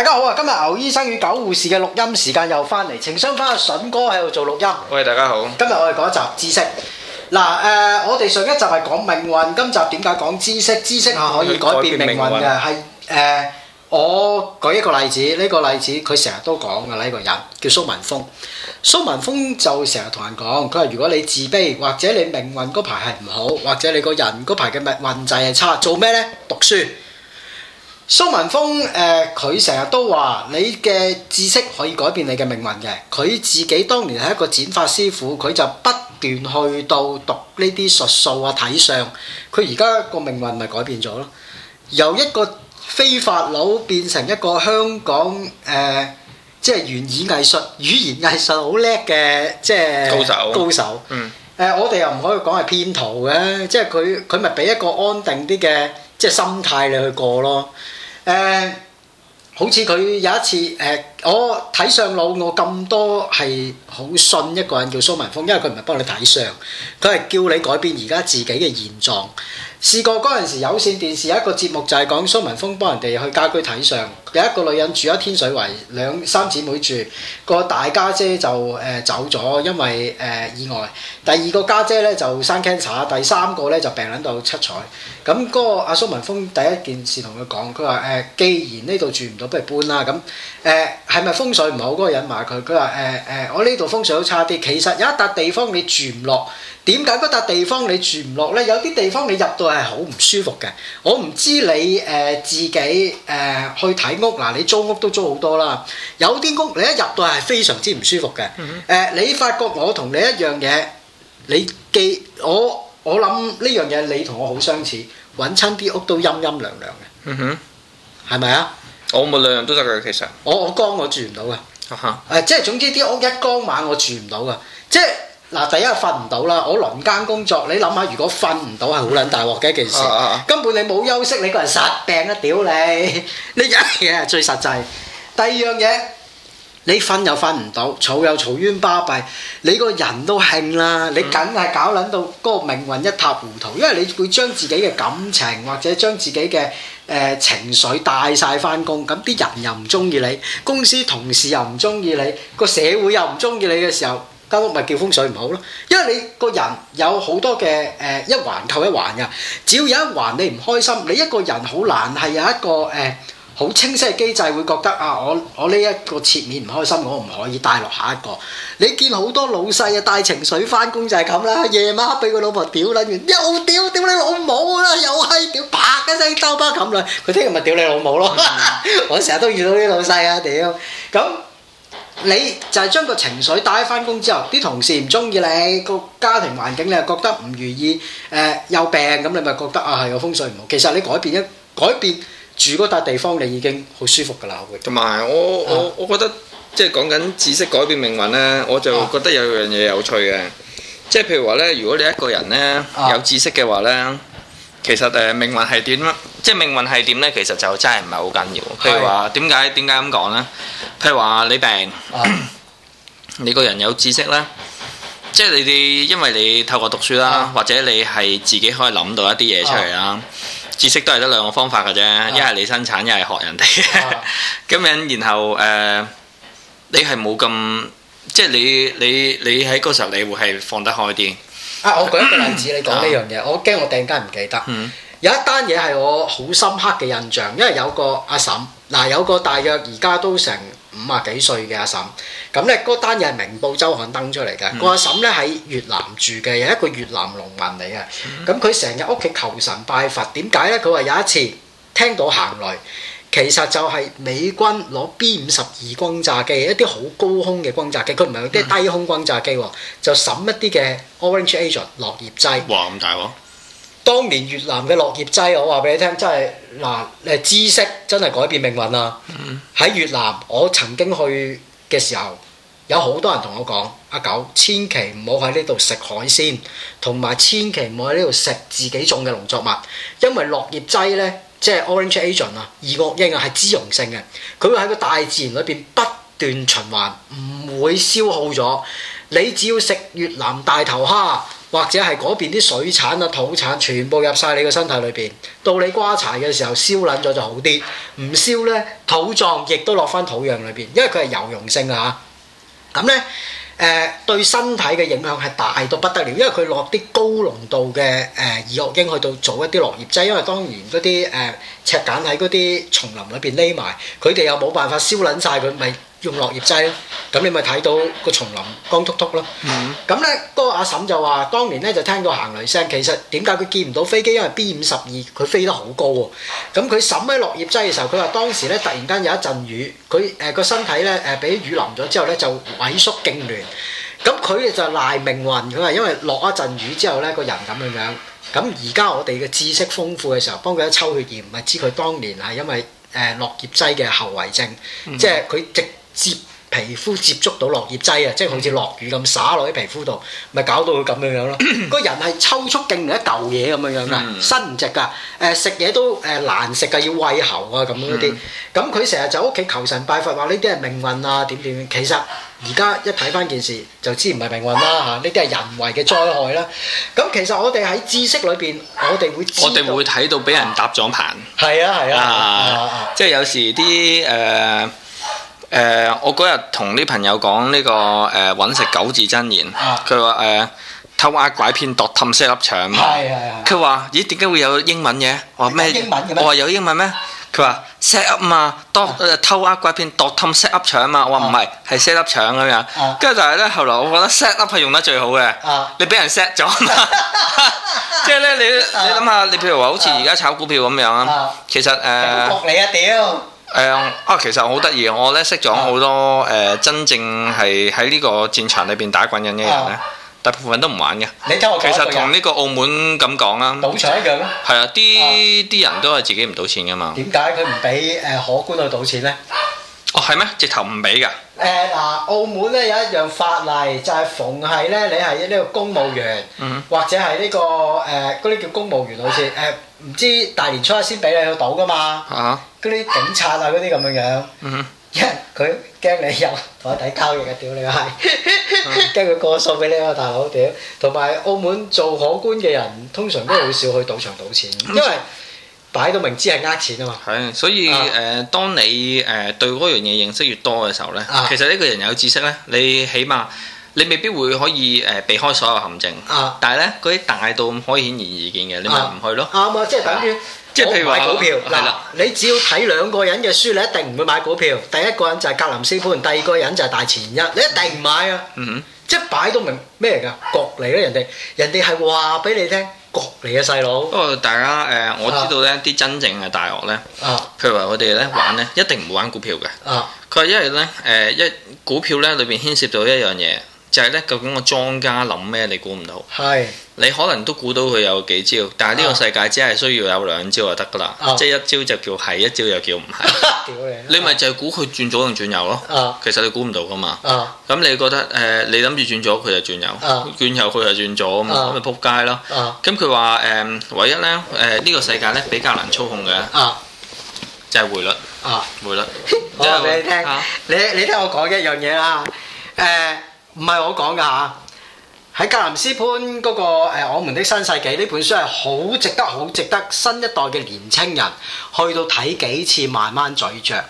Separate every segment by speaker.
Speaker 1: 大家好啊！今日牛醫生與狗護士嘅錄音時間又翻嚟，情商翻阿筍哥喺度做錄音。
Speaker 2: 喂，大家好。
Speaker 1: 今日我哋講一集知識。嗱，誒、呃，我哋上一集係講命運，今集點解講知識？知識係可以改變命運嘅。係誒、呃，我舉一個例子，呢、這個例子佢成日都講嘅，呢個人叫蘇文峰。蘇文峰就成日同人講，佢話如果你自卑，或者你命運嗰排係唔好，或者你個人嗰排嘅運滯係差，做咩呢？讀書。蘇文峰，誒佢成日都話：你嘅知識可以改變你嘅命運嘅。佢自己當年係一個剪髮師傅，佢就不斷去到讀呢啲術數啊、睇相。佢而家個命運咪改變咗咯，由一個非法佬變成一個香港誒，即、呃、係、就是、原語藝術、語言藝術好叻嘅即係高手高手。高手嗯。誒、呃，我哋又唔可以講係騙徒嘅，即係佢佢咪俾一個安定啲嘅即係心態你去過咯。誒、呃，好似佢有一次誒、呃，我睇相佬，我咁多係好信一個人叫蘇文峰，因為佢唔係幫你睇相，佢係叫你改變而家自己嘅現狀。試過嗰陣時有線電視有一個節目就係講蘇文峰幫人哋去家居睇相，有一個女人住喺天水圍，兩三姊妹住，個大家姐就誒、呃、走咗，因為誒、呃、意外。第二個家姐咧就生 cancer，第三個咧就病撚到七彩。咁嗰個阿蘇文峰第一件事同佢講，佢話誒既然呢度住唔到，不如搬啦。咁誒係咪風水唔好？嗰、嗰個人埋佢，佢話誒誒我呢度風水都差啲。其實有一笪地方你住唔落。點解嗰笪地方你住唔落咧？有啲地方你入到係好唔舒服嘅。我唔知你誒、呃、自己誒、呃、去睇屋嗱、呃，你租屋都租好多啦。有啲屋你一入到係非常之唔舒服嘅。誒、嗯哼呃，你發覺我同你一樣嘢，你記我我諗呢樣嘢，你同我好相似，揾親啲屋都陰陰涼涼
Speaker 2: 嘅。嗯、哼，係咪啊？我冇兩樣都得嘅，其實
Speaker 1: 我我光我住唔到㗎。即係、啊呃、總之啲屋一光晚我住唔到㗎，即係。嗱，第一瞓唔到啦，我輪更工作，你諗下，如果瞓唔到係好撚大鑊嘅一件事，根本你冇休息，你個人實病啦，屌你！呢樣嘢係最實際。第二樣嘢，你瞓又瞓唔到，嘈又嘈冤巴閉，你個人都興啦，你梗係搞撚到嗰個命運一塌糊塗，因為你會將自己嘅感情或者將自己嘅誒、呃、情緒帶晒翻工，咁啲人又唔中意你，公司同事又唔中意你，個社會又唔中意你嘅時候。間屋咪叫風水唔好咯，因為你個人有好多嘅誒一環扣一環㗎，只要有一環你唔開心，你一個人好難係有一個誒好清晰嘅機制會覺得啊，我我呢一個切面唔開心，我唔可以帶落下一個。你見好多老細啊，帶情緒翻工就係咁啦，夜晚黑俾個老婆屌撚完又屌，屌你老母啦，又閪屌，啪一聲兜巴冚落，佢聽日咪屌你老母咯。我成日都遇到啲老細啊，屌咁。你就係將個情緒帶喺返工之後，啲同事唔中意你，個家庭環境你又覺得唔如意，誒、呃、又病，咁你咪覺得啊，係個風水唔好。其實你改變一改變住嗰笪地方，你已經好舒服噶啦。
Speaker 2: 同埋我我、啊、我覺得即係講緊知識改變命運呢，我就覺得有樣嘢有趣嘅，啊、即係譬如話呢，如果你一個人呢，啊、有知識嘅話呢。其實誒、呃、命運係點，即係命運係點呢？其實就真係唔係好緊要。譬如話點解點解咁講呢？譬如話你病、啊， 你個人有知識咧，即係你哋因為你透過讀書啦，啊、或者你係自己可以諗到一啲嘢出嚟啦。啊、知識都係得兩個方法嘅啫，一係、啊、你生產，一係學人哋。咁樣、啊、 然後誒、呃，你係冇咁，即係你你你喺嗰時候你會係放得開啲。
Speaker 1: 啊！我舉一個例子，你講呢樣嘢，啊、我驚我突然間唔記得。嗯、有一單嘢係我好深刻嘅印象，因為有個阿嬸，嗱、啊、有個大約而家都成五啊幾歲嘅阿嬸，咁咧嗰單嘢係《明報周刊》登出嚟嘅。嗯、個阿嬸咧喺越南住嘅，有一個越南農民嚟嘅，咁佢成日屋企求神拜佛，點解咧？佢話有一次聽到行雷。其實就係美軍攞 B 五十二轟炸機，一啲好高空嘅轟炸機，佢唔係一啲低空轟炸機喎，嗯、就滲一啲嘅 orange agent 落葉劑。哇！咁大喎、哦，當年越南嘅落葉劑，我話俾你聽，真係嗱，誒知識真係改變命運啊！喺、嗯、越南，我曾經去嘅時候，有好多人同我講：阿、啊、九，千祈唔好喺呢度食海鮮，同埋千祈唔好喺呢度食自己種嘅農作物，因為落葉劑咧。即係 Orange Agent 啊，二惡英啊，係脂溶性嘅，佢會喺個大自然裏邊不斷循環，唔會消耗咗。你只要食越南大頭蝦，或者係嗰邊啲水產啊、土產，全部入晒你個身體裏邊。到你瓜柴嘅時候燒撚咗就好啲，唔燒呢，土葬亦都落翻土壤裏邊，因為佢係油溶性啊嚇。咁呢。誒、呃、對身體嘅影響係大到不得了，因為佢落啲高濃度嘅誒二惡英去到做一啲落葉劑。因為當然嗰啲誒赤柬喺嗰啲叢林裏邊匿埋，佢哋又冇辦法燒撚晒佢咪用落葉劑咧，咁你咪睇到個叢林光禿禿咯。咁咧、嗯，嗰個阿嬸就話：當年咧就聽到行雷聲，其實點解佢見唔到飛機？因為 B 五十二佢飛得好高喎。咁佢審喺落葉劑嘅時候，佢話當時咧突然間有一陣雨，佢誒個身體咧誒俾雨淋咗之後咧就萎縮痙攣。咁佢就賴命運佢話，因為落一陣雨之後咧個人咁樣樣。咁而家我哋嘅知識豐富嘅時候，幫佢一抽血驗，咪知佢當年係因為誒落葉劑嘅後遺症，嗯、即係佢直。接皮膚接觸到落葉劑啊，即係好似落雨咁灑落啲皮膚度，咪搞到佢咁樣樣咯。個人係抽搐勁嘅一嚿嘢咁樣樣啦，伸唔直㗎。誒食嘢都誒難食啊，要餵喉啊咁樣嗰啲。咁佢成日就屋企求神拜佛，話呢啲係命運啊點點。其實而家一睇翻件事，就知唔係命運啦吓，呢啲係人為嘅災害啦。咁其實我哋喺知識裏邊，我哋會我哋
Speaker 2: 會睇到俾人搭撞棚，係啊係啊，即係有時啲誒。誒，我嗰日同啲朋友講呢個誒揾食九字真言，佢話誒偷呃拐騙度氹 set 粒腸，佢話咦點解會有英文嘅？我話咩英文我話有英文咩？佢話 set up 嘛，當偷呃拐騙度氹 set up 腸嘛，我話唔係，係 set 粒腸咁樣。跟住就係咧，後來我覺得 set up 係用得最好嘅，你俾人 set 咗，即係咧你你諗下，你譬如話好似而家炒股票咁樣啊，其實誒，
Speaker 1: 你啊屌！
Speaker 2: 誒、嗯、啊！其實好得意，我咧識咗好多誒、呃、真正係喺呢個戰場裏邊打滾嘅人咧，啊、大部分都唔玩嘅。你聽我講，其實同呢個澳門咁講啊，賭場一樣咯。係實啊，啲啲人都係自己唔賭錢噶嘛。點
Speaker 1: 解佢唔俾誒可觀去賭錢咧？
Speaker 2: 係咩？直頭唔俾噶。
Speaker 1: 誒嗱、呃，澳門咧有一樣法例，就係、是、逢係咧你係呢個公務員，嗯、或者係呢、這個誒嗰啲叫公務員好似誒，唔、呃、知大年初一先俾你去賭噶嘛。嚇、啊！嗰啲警察啊，嗰啲咁樣樣。嗯哼。因為佢驚你有台底交易嘅，屌你係，驚佢過數俾你啊，大佬屌。同埋澳門做荷官嘅人，通常都好少去賭場賭錢，因為。擺到明知係呃錢啊嘛，
Speaker 2: 係，所以誒、啊呃，當你誒、呃、對嗰樣嘢認識越多嘅時候咧，其實呢個人有知識咧，你起碼你未必會可以誒、呃、避開所有陷阱，啊、但係咧嗰啲大到可以顯而易見嘅，你咪唔去咯。啱唔、啊嗯、即係等於，即係譬如話買股票，係啦、
Speaker 1: 啊，你只要睇兩個人嘅書，你一定唔會買股票。啊、第一個人就係格林斯潘，第二個人就係大前一，你一定唔買啊！嗯、哼， 即係擺到明咩嚟㗎？局嚟啦，人哋人哋係話俾你聽。
Speaker 2: 國嚟嘅細佬，不過、哦、大家誒、呃，我知道咧，啲、啊、真正嘅大學咧，啊、譬如話我哋咧玩咧，一定唔會玩股票嘅。佢話、啊、因為咧誒，一、呃、股票咧裏邊牽涉到一樣嘢。就係咧，究竟個莊家諗咩？你估唔到。係，你可能都估到佢有幾招，但係呢個世界只係需要有兩招就得噶啦。即係一招就叫係，一招又叫唔係。你！你咪就係估佢轉左定轉右咯。其實你估唔到噶嘛。啊，咁你覺得誒，你諗住轉左，佢就轉右；轉右，佢就轉左啊嘛。咁咪仆街咯。啊，咁佢話誒，唯一咧誒，呢個世界咧比較難操控嘅就係匯率啊，匯率。我講俾你聽，
Speaker 1: 你你聽我講一樣嘢啦。誒。唔係我講噶吓，喺格林斯潘嗰、那個誒我、哎、們的新世紀呢本書係好值得、好值得新一代嘅年青人去到睇幾次，慢慢咀嚼。呢、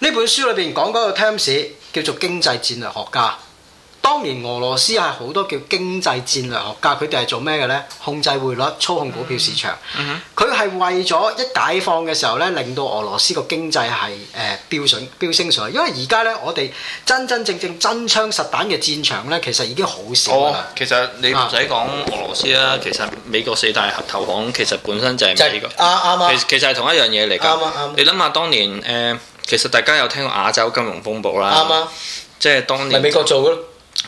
Speaker 1: 嗯、本書裏邊講嗰個 terms 叫做經濟戰略學家。當年俄羅斯係好多叫經濟戰略學家，佢哋係做咩嘅呢？控制匯率，操控股票市場。佢係、嗯、哼為咗一解放嘅時候呢，令到俄羅斯個經濟係誒飆升飆升上去。因為而家呢，我哋真真正正真槍實彈嘅戰場呢，其實已經好少、哦、其
Speaker 2: 實你唔使講俄羅斯啦，啊、其實美國四大核投行其實本身就係美國。其實係同一樣嘢嚟噶。啊啊啊、你諗下當年、呃、其實大家有聽過亞洲金融風暴啦，即係當年美國做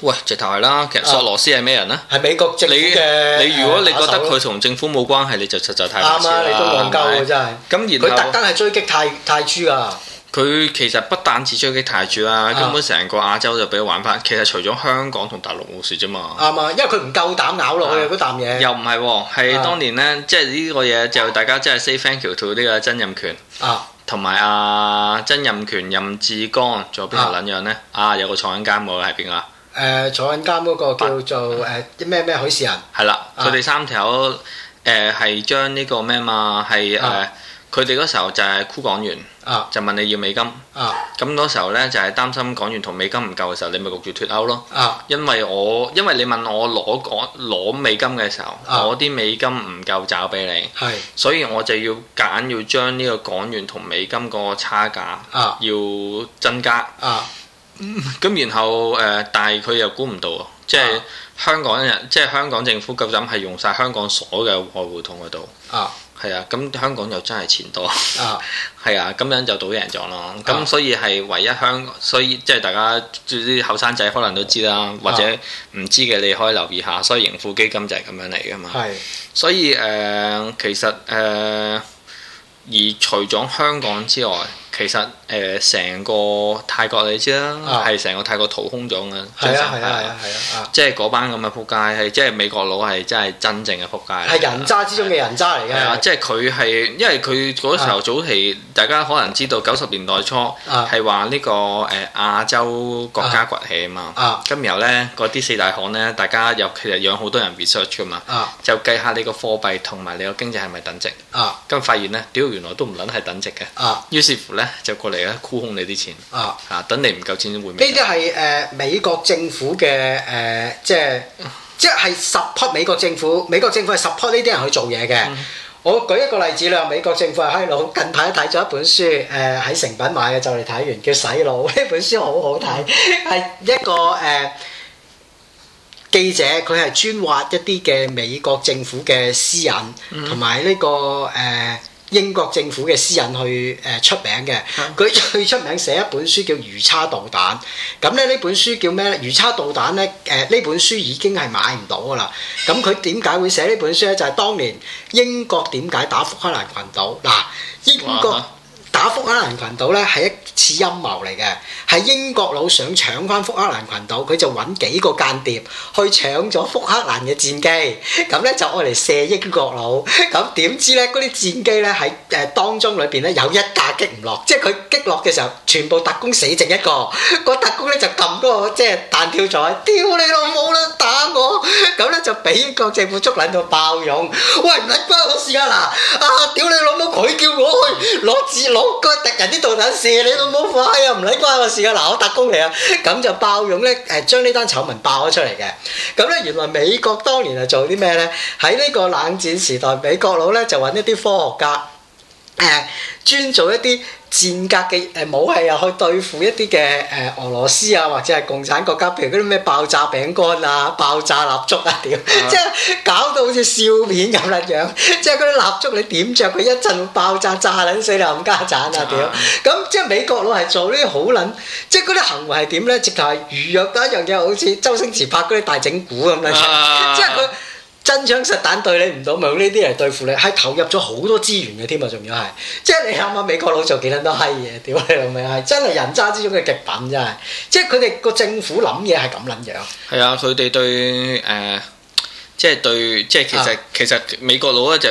Speaker 2: 喂，直頭係啦。其實索羅斯係咩人咧？係美國籍嘅，你如果你覺得佢同政府冇關係，你就實在太啱啦。你都戇鳩嘅真係。咁而佢特登
Speaker 1: 係追擊泰泰銖啊！
Speaker 2: 佢其實不但止追擊泰銖啦，根本成個亞洲就俾佢玩翻。其實除咗香港同大陸冇事啫嘛。啱啊，因為
Speaker 1: 佢唔夠膽咬落去嗰啖嘢。又
Speaker 2: 唔係喎，係當年咧，即係呢個嘢就大家真係 say thank you to 呢個曾蔭權啊，同埋啊曾蔭權任志剛仲有邊頭撚樣咧？啊有個坐緊監務喺邊啊？
Speaker 1: 誒坐緊監嗰個叫做誒啲咩咩許仕仁？
Speaker 2: 係啦，佢哋三條友誒係將呢個咩嘛係誒，佢哋嗰時候就係沽港元啊，就問你要美金啊，咁嗰時候咧就係擔心港元同美金唔夠嘅時候，你咪焗住脫鈎咯啊，因為我因為你問我攞攞美金嘅時候，我啲美金唔夠找俾你，係，所以我就要夾硬要將呢個港元同美金個差價啊，要增加啊。咁、嗯、然後誒、呃，但係佢又估唔到喎，即係香港人，啊、即係香港政府究竟係用晒香港所嘅外匯同嗰度，係啊，咁、啊、香港又真係錢多，係啊，咁、 啊、樣就賭贏咗咯。咁、啊、所以係唯一香港，所以即係大家啲後生仔可能都知啦，啊、或者唔知嘅你可以留意下。所以盈富基金就係咁樣嚟噶嘛。係是，所以誒、呃，其實誒，而、呃、除咗香港之外。其實誒成個泰國你知啦，係成個泰國掏空咗嘅，即係嗰班咁嘅撲街係，即係美國佬係真係真正嘅撲街，係
Speaker 1: 人渣之中嘅人渣嚟嘅。即
Speaker 2: 係佢係因為佢嗰時候早期，大家可能知道九十年代初係話呢個誒亞洲國家崛起啊嘛，咁然後咧嗰啲四大行咧，大家尤其係養好多人 research 嘅嘛，就計下你個貨幣同埋你個經濟係咪等值，咁發現咧屌原來都唔撚係等值嘅，於是乎就過嚟啦，箍空你啲錢啊！啊，等你唔夠錢先換咩？呢啲
Speaker 1: 係誒美國政府嘅誒、呃，即係即係 support 美國政府。美國政府係 support 呢啲人去做嘢嘅。嗯、我舉一個例子啦，美國政府係閪佬。近排睇咗一本書，誒、呃、喺成品買嘅就嚟睇完，叫洗腦。呢本書好好睇，係、嗯、 一個誒、呃、記者，佢係專挖一啲嘅美國政府嘅私隱同埋呢個誒。呃英國政府嘅私人去誒出名嘅，佢最出名寫一本書叫《魚叉導彈》。咁咧呢本書叫咩咧？《魚叉導彈》咧，誒呢本書已經係買唔到㗎啦。咁佢點解會寫呢本書咧？就係當年英國點解打福克蘭群島嗱英國。打福克蘭群島咧係一次陰謀嚟嘅，係英國佬想搶翻福克蘭群島，佢就揾幾個間諜去搶咗福克蘭嘅戰機，咁咧就愛嚟射英國佬。咁點知咧嗰啲戰機咧喺誒當中裏邊咧有一架擊唔落，即係佢擊落嘅時候，全部特工死剩一個，個特工咧就撳個即係彈跳座，屌你老母啦，打我！咁咧就俾英國政府捉撚到爆勇，喂唔係關我事㗎喇！啊屌你老母，佢叫我去攞自攞。個敵人啲導彈事，你老母快啊！唔理關我事啊！嗱，我特工嚟啊，咁就爆用咧，誒將呢單醜聞爆咗出嚟嘅。咁咧，原來美國當年係做啲咩咧？喺呢個冷戰時代，美國佬咧就揾一啲科學家。誒專做一啲賤格嘅誒武器啊，去對付一啲嘅誒俄羅斯啊，或者係共產國家，譬如嗰啲咩爆炸餅乾啊、爆炸蠟燭啊，屌！即係、啊、搞到好似笑片咁撚樣，即係嗰啲蠟燭你點着，佢一陣爆炸炸撚死冚家鏟啊屌！咁即係美國佬係做呢啲好撚，即係嗰啲行為係點咧？直頭係預約到一樣嘢，好似周星馳拍嗰啲大整蠱咁啦，即係佢。真槍實彈對你唔到，冇呢啲嚟對付你，係投入咗好多資源嘅添啊！仲要係，即係你啱啱美國佬做幾撚多閪嘢，屌你老味，係真係人渣之中嘅極品，真係、啊呃！即係佢哋個政府諗嘢係咁撚樣。
Speaker 2: 係啊，佢哋對誒，即係對，即係其實、哦、其實美國佬咧就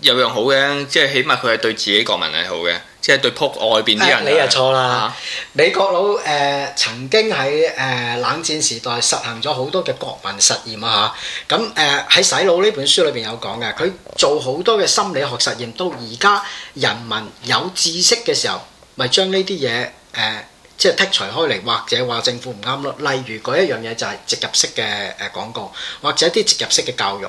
Speaker 2: 有樣好嘅，即係起碼佢係對自己國民係好嘅。即係對僕外邊啲人啊！你又錯啦！
Speaker 1: 美國佬誒曾經喺誒冷戰時代實行咗好多嘅國民實驗啊！吓，咁誒喺洗腦呢本書裏邊有講嘅，佢做好多嘅心理學實驗，到而家人民有知識嘅時候，咪將呢啲嘢誒即係剔除開嚟，或者話政府唔啱咯。例如嗰一樣嘢就係植入式嘅誒廣告，或者啲植入式嘅教育。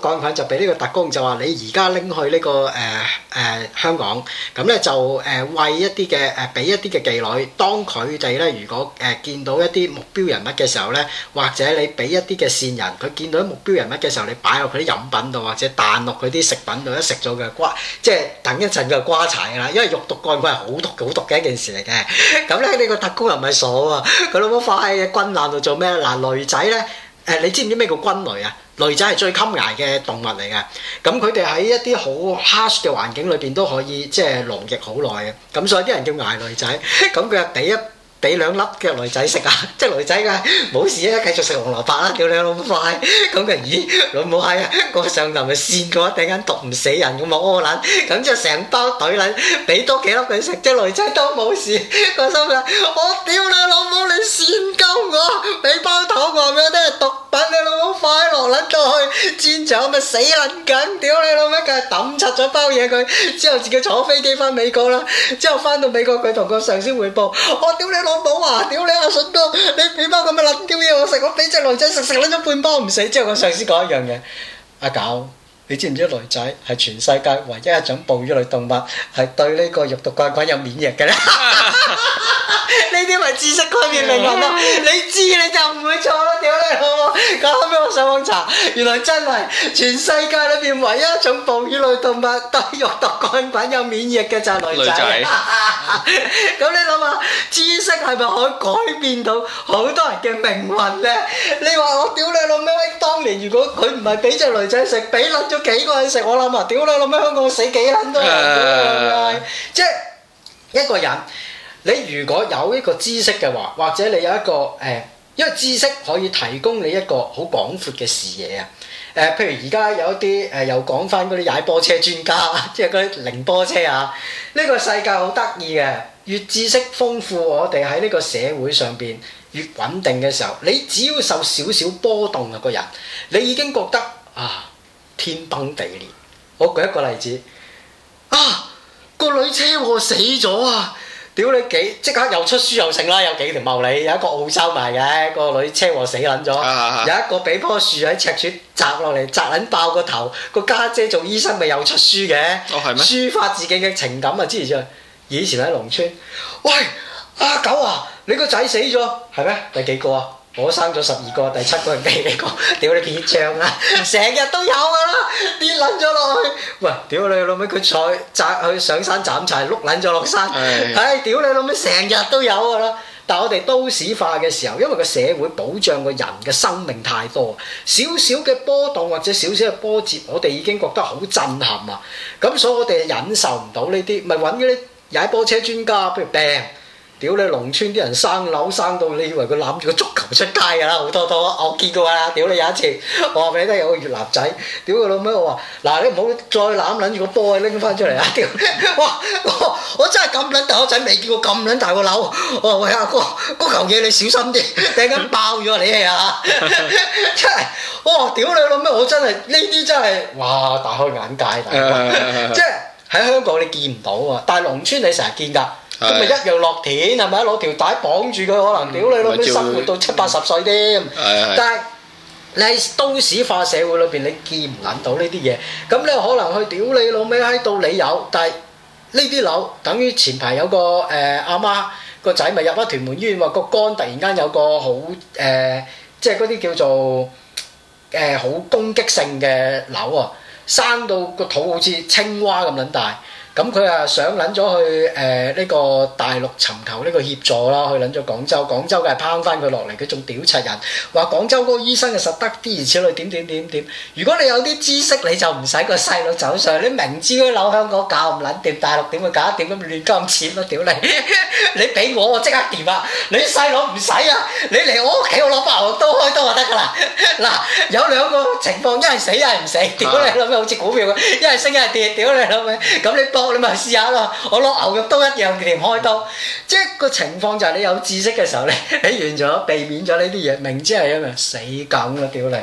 Speaker 1: 桿菌就俾呢個特工就話、這個：你而家拎去呢個誒誒香港，咁咧就誒、呃、喂一啲嘅誒，俾一啲嘅妓女，當佢哋咧，如果誒、呃、見到一啲目標人物嘅時候咧，或者你俾一啲嘅線人，佢見到目標人物嘅時候，你擺落佢啲飲品度，或者彈落佢啲食品度，一食咗佢瓜，即係等一陣佢瓜柴㗎啦。因為肉毒桿菌係好毒嘅，好毒嘅一件事嚟嘅。咁 咧，你、這個特工又唔係傻啊？佢老母發喺軍艦度做咩啊？嗱，女仔咧。誒，你知唔知咩叫軍驢啊？驢仔係最襟捱嘅動物嚟嘅。咁佢哋喺一啲好 harsh 嘅環境裏邊都可以即係勞役好耐嘅，咁所以啲人叫捱驢仔，咁佢又第一。俾兩粒嘅女仔食啊！即女仔嘅冇事啊，繼續食紅蘿蔔啦！屌你老母快咁嘅咦老母閪啊！個上司咪扇我，突然間毒唔死人咁啊！屙卵咁之後就成包隊卵，俾多幾粒佢食，即女仔都冇事。個心諗我屌你老母你扇鳩我，俾包糖我咩都係毒品，你老母快樂卵到去戰場咪死卵緊！屌你老母梗係抌拆咗包嘢佢，之後自己坐飛機翻美國啦，之後翻到美國佢同個上司彙報，我屌你。我冇啊！屌你阿信哥，你半包咁嘅撚屌嘢我食，我俾隻女仔食食撚咗半包唔死。之後我上司講一樣嘢，阿狗，你知唔知女仔係全世界唯一一種哺乳類動物係對呢個肉毒桿菌有免疫嘅咧？呢啲咪知識改變命運咯！你知你就唔會錯咯，屌你老母！咁後尾我上網查，原來真係全世界裏面唯一一種哺乳類動物對肉毒桿菌有免疫嘅就係女仔。咁你諗下，知識係咪可以改變到好多人嘅命運呢？你話我屌你老咩？當年如果佢唔係俾隻女仔食，俾撚咗幾個人食，我諗啊，屌你老咩！香港死幾撚多人？即係一個人。你如果有一個知識嘅話，或者你有一個誒、呃，因為知識可以提供你一個好廣闊嘅視野啊！誒、呃，譬如而家有一啲誒、呃，又講翻嗰啲踩波車專家，即係嗰啲零波車啊！呢、這個世界好得意嘅，越知識豐富，我哋喺呢個社會上邊越穩定嘅時候，你只要受少少波動啊，個人你已經覺得啊天崩地裂。我舉一個例子啊，個女車禍死咗啊！屌你幾即刻又出書又成啦，有幾條茂利，有一個澳洲埋嘅個女車禍死撚咗。啊啊啊，有一個畀樖樹喺赤柱砸落嚟砸撚爆個頭，個家姐做醫生咪又出書嘅。哦，係咩？抒發自己嘅情感啊！之前，以前喺農村，喂，阿狗啊，你個仔死咗，係咩？第幾個啊？我生咗十二個，第七個係畀你講，屌你偏帳啊！成日都有噶啦，跌撚咗落去。喂，屌你老味，佢採摘去上山斬柴，碌撚咗落山。唉是的、哎，屌你老味，成日都有噶啦。但係我哋都市化嘅時候，因為個社會保障個人嘅生命太多少少嘅波動或者少少嘅波折，我哋已經覺得好震撼啊。咁所以我哋忍受唔到呢啲，咪揾啲踩波車專家不如病。屌你！農村啲人生樓生到，你以為佢攬住個足球出街㗎啦？好多多，我見過啦！屌你！有一次，我話俾你聽有個越南仔，屌佢老母！我話：嗱，你唔好再攬撚住個波拎翻出嚟啊！屌！哇！我，我真係咁撚大個仔，未見過咁撚大個樓！我話喂阿哥，個、啊、球嘢你小心啲，突然間爆咗你啊！
Speaker 2: 真
Speaker 1: 係，哇！屌你老母！我真係呢啲真係，哇！大開眼界，大即係喺香港你見唔到啊，但係農村你成日見㗎。咁咪一樣落田係咪？攞條帶綁住佢，可能屌你老味生活到七八十歲添。但係你喺都市化社會裏邊，你見唔撚到呢啲嘢？咁你可能去屌你老味喺度，你有，但係呢啲樓等於前排有個誒阿媽個仔咪入咗屯門醫院喎，個肝突然間有個好誒，即係嗰啲叫做誒好攻擊性嘅瘤啊，生到個肚好似青蛙咁撚大。咁佢啊想撚咗去誒呢個大陸尋求呢個協助啦，去撚咗廣州，廣州梗係拋翻佢落嚟，佢仲屌柒人，話廣州個醫生又實得啲，諸如此類點點點點。如果你有啲知識，你就唔使個細佬走上去，你明知佢扭香港搞唔撚掂，大陸點會搞掂？咁亂金錢咯，屌你！你俾我我即刻掂啊！你細佬唔使啊！你嚟我屋企我攞八號都開刀就得㗎啦。嗱，有兩個情況，一係死，一係唔死。屌你諗咩？好似股票咁，一係升，一係跌。屌你諗咩？咁你搏？哦、你咪試下咯，我攞牛肉刀一樣唔開刀，嗯、即係、這個情況就係你有知識嘅時候咧，你完咗，避免咗呢啲嘢，明知係因為，死梗嘅屌你，誒！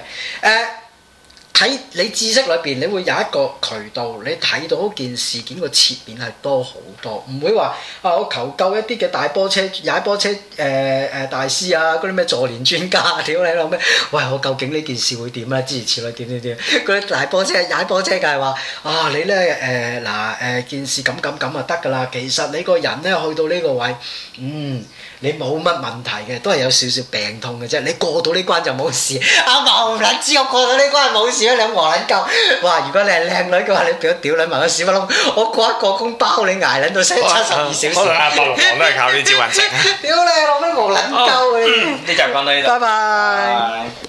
Speaker 1: 喺你知識裏邊，你會有一個渠道，你睇到件事件個切面係多好多，唔會話啊！我求救一啲嘅大波車、踩波車、誒、呃、誒、呃、大師啊，嗰啲咩助眠專家屌你老味咩？喂，我究竟呢件事會點咧？諸如此類點點點，嗰啲大波車、踩波車就係話啊！你咧誒嗱誒件事咁咁咁啊得㗎啦。其實你個人咧去到呢個位，嗯，你冇乜問題嘅，都係有少少病痛嘅啫。你過到呢關就冇事。阿茂，唔知我過到呢關係冇事。而家諗王捻鳩，哇！如果你係靚女嘅話，你表屌捻埋個屎忽窿，我過一個工包你捱捻到成七十二小時。可能阿白龍
Speaker 2: 王都係靠呢招搵食。
Speaker 1: 屌你老母捻鳩！唔，就
Speaker 2: 講到呢度。拜
Speaker 1: 拜。